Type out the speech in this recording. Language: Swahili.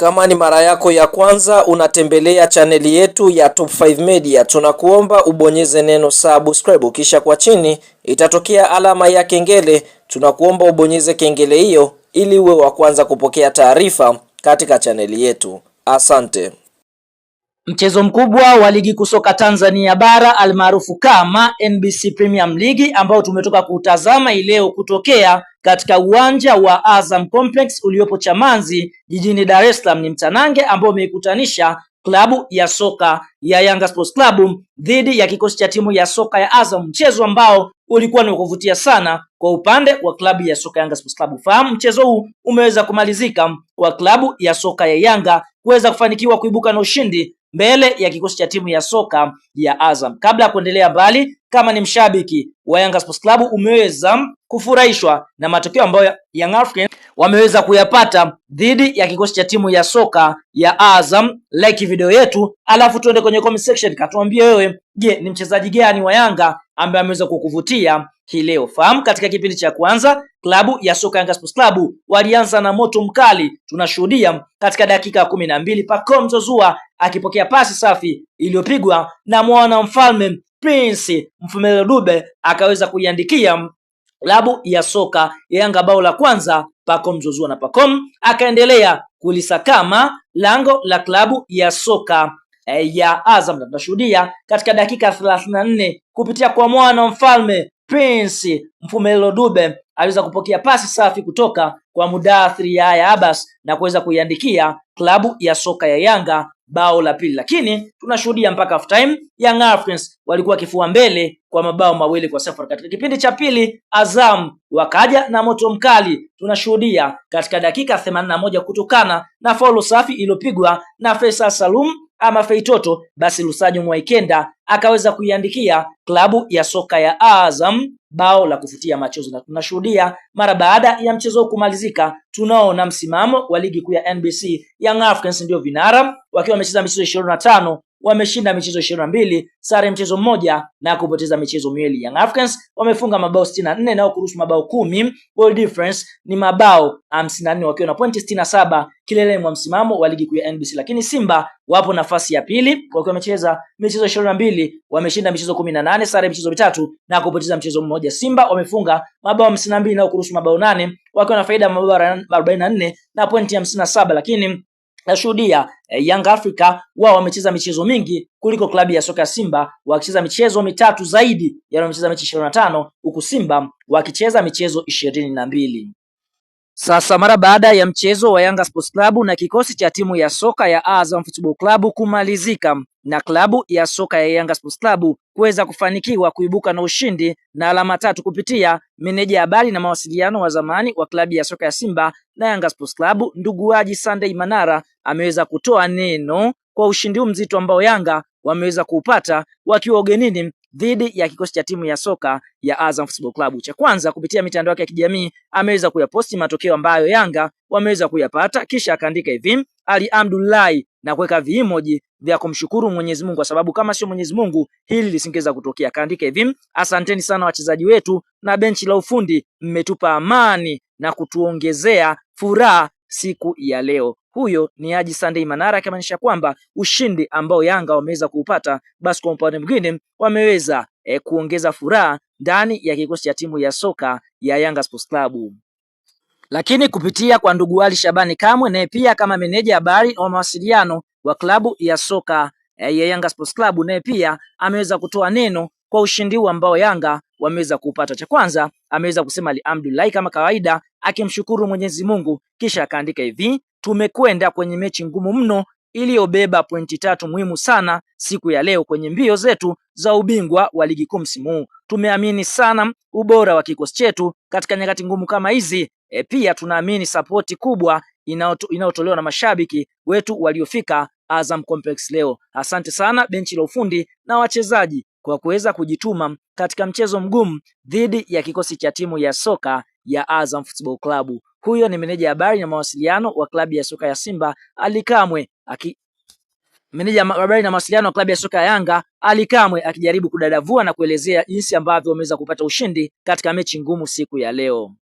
Kama ni mara yako ya kwanza unatembelea chaneli yetu ya Top 5 Media, tunakuomba ubonyeze neno subscribe, kisha kwa chini itatokea alama ya kengele. Tunakuomba ubonyeze kengele hiyo ili uwe wa kwanza kupokea taarifa katika chaneli yetu. Asante. Mchezo mkubwa wa ligi kuu soka Tanzania bara almaarufu kama NBC Premium League ambao tumetoka kutazama ileo kutokea katika uwanja wa Azam Complex uliopo Chamazi jijini Dar es Salaam. Ni mtanange ambao umeikutanisha klabu ya soka ya Yanga Sports Club dhidi ya kikosi cha timu ya soka ya Azam, mchezo ambao ulikuwa ni kuvutia sana kwa upande wa klabu ya soka Yanga Sports Club. Fahamu mchezo huu umeweza kumalizika kwa klabu ya soka ya Yanga kuweza kufanikiwa kuibuka na no ushindi mbele ya kikosi cha timu ya soka ya Azam. Kabla ya kuendelea mbali, kama ni mshabiki wa Yanga Sports Club umeweza kufurahishwa na matokeo ambayo Young Africans wameweza kuyapata dhidi ya kikosi cha timu ya soka ya Azam. Like video yetu, alafu tuende kwenye comment section, katuambie wewe, je, ni mchezaji gani wa Yanga ambaye ameweza kukuvutia hii leo? Fahamu katika kipindi cha kwanza klabu ya soka Yanga Sports Club walianza na moto mkali, tunashuhudia katika dakika ya kumi na mbili Pacome Zouzoua akipokea pasi safi iliyopigwa na mwana mfalme Prince Mfumere Dube akaweza kuiandikia klabu ya soka Yanga bao la kwanza Pacom Zouzoua na Pacom akaendelea kulisakama lango la klabu ya soka eh, ya Azam, na tunashuhudia katika dakika 34 nne kupitia kwa mwana mfalme Prince Mfumero Dube aliweza kupokea pasi safi kutoka kwa Mudathir Yahya Abbas na kuweza kuiandikia klabu ya soka ya Yanga bao la pili, lakini tunashuhudia mpaka half time Young Africans walikuwa kifua mbele kwa mabao mawili kwa sifuri. Katika kipindi cha pili Azam wakaja na moto mkali, tunashuhudia katika dakika 81 kutokana na faulu safi iliyopigwa na Faisal Salum ama Feitoto, basi Lusajo Mwaikenda akaweza kuiandikia klabu ya soka ya Azam bao la kufutia machozi, na tunashuhudia mara baada ya mchezo kumalizika, tunaona msimamo wa ligi kuu ya NBC, Young Africans ndio vinara wakiwa wamecheza michezo ishirini na tano wameshinda michezo 22, sare mchezo mmoja na kupoteza michezo miwili. Young Africans wamefunga mabao 64 na nao kuruhusu mabao kumi, goal difference ni mabao 54 wakiwa na pointi 67 na kileleni mwa msimamo wa ligi kuu ya NBC. Lakini Simba wapo nafasi ya pili wakiwa wamecheza michezo 22, wameshinda michezo 18, sare michezo mitatu na kupoteza mchezo mmoja. Simba wamefunga mabao 52 na mbili kuruhusu mabao nane wakiwa na faida mabao 44 na nne na pointi hamsini lakini Nashuhudia eh, Young Africa wao wamecheza michezo mingi kuliko klabu ya soka Simba wakicheza michezo mitatu zaidi ya wamecheza mechi 25 huku Simba wakicheza michezo ishirini na mbili. Sasa mara baada ya mchezo wa Yanga Sports Club na kikosi cha timu ya soka ya Azam Football Club kumalizika na klabu ya soka ya Yanga Sports Club kuweza kufanikiwa kuibuka na ushindi na alama tatu kupitia meneja habari na mawasiliano wa zamani wa klabu ya soka ya Simba na Yanga Sports Club ndugu waji Sunday Manara ameweza kutoa neno kwa ushindi mzito ambao Yanga wameweza kuupata wakiwa ugenini dhidi ya kikosi cha timu ya soka ya Azam Football Club. Cha kwanza, kupitia mitandao yake ya kijamii ameweza kuyaposti matokeo ambayo Yanga wameweza kuyapata, kisha akaandika hivi Ali Abdullahi na kuweka viimoji vya kumshukuru Mwenyezi Mungu, kwa sababu kama sio Mwenyezi Mungu hili lisingeweza kutokea. Akaandika hivi, asanteni sana wachezaji wetu na benchi la ufundi, mmetupa amani na kutuongezea furaha siku ya leo huyo ni Haji Sunday Manara, akimaanisha kwamba ushindi ambao Yanga wameweza kuupata, basi kwa upande mwingine wameweza e, kuongeza furaha ndani ya kikosi cha timu ya soka ya Yanga Sports Club. Lakini kupitia kwa ndugu Ali Shabani Kamwe, naye pia kama meneja habari wa mawasiliano wa klabu ya soka e, ya Yanga Sports Club, naye pia ameweza kutoa neno kwa ushindi huu ambao Yanga wameweza kuupata. Cha kwanza ameweza kusema alhamdulillah, kama kawaida, akimshukuru Mwenyezi Mungu, kisha akaandika hivi: tumekwenda kwenye mechi ngumu mno iliyobeba pointi tatu muhimu sana siku ya leo kwenye mbio zetu za ubingwa wa ligi kuu msimu huu. Tumeamini sana ubora wa kikosi chetu katika nyakati ngumu kama hizi. E, pia tunaamini sapoti kubwa inayotolewa na mashabiki wetu waliofika Azam Complex leo. Asante sana benchi la ufundi na wachezaji kwa kuweza kujituma katika mchezo mgumu dhidi ya kikosi cha timu ya soka ya Azam Football Club. Huyo ni meneja habari na mawasiliano wa klabu ya soka ya Simba Ali Kamwe aki meneja habari na mawasiliano wa klabu ya soka ya Yanga Ali Kamwe akijaribu kudadavua na kuelezea jinsi ambavyo wameweza kupata ushindi katika mechi ngumu siku ya leo.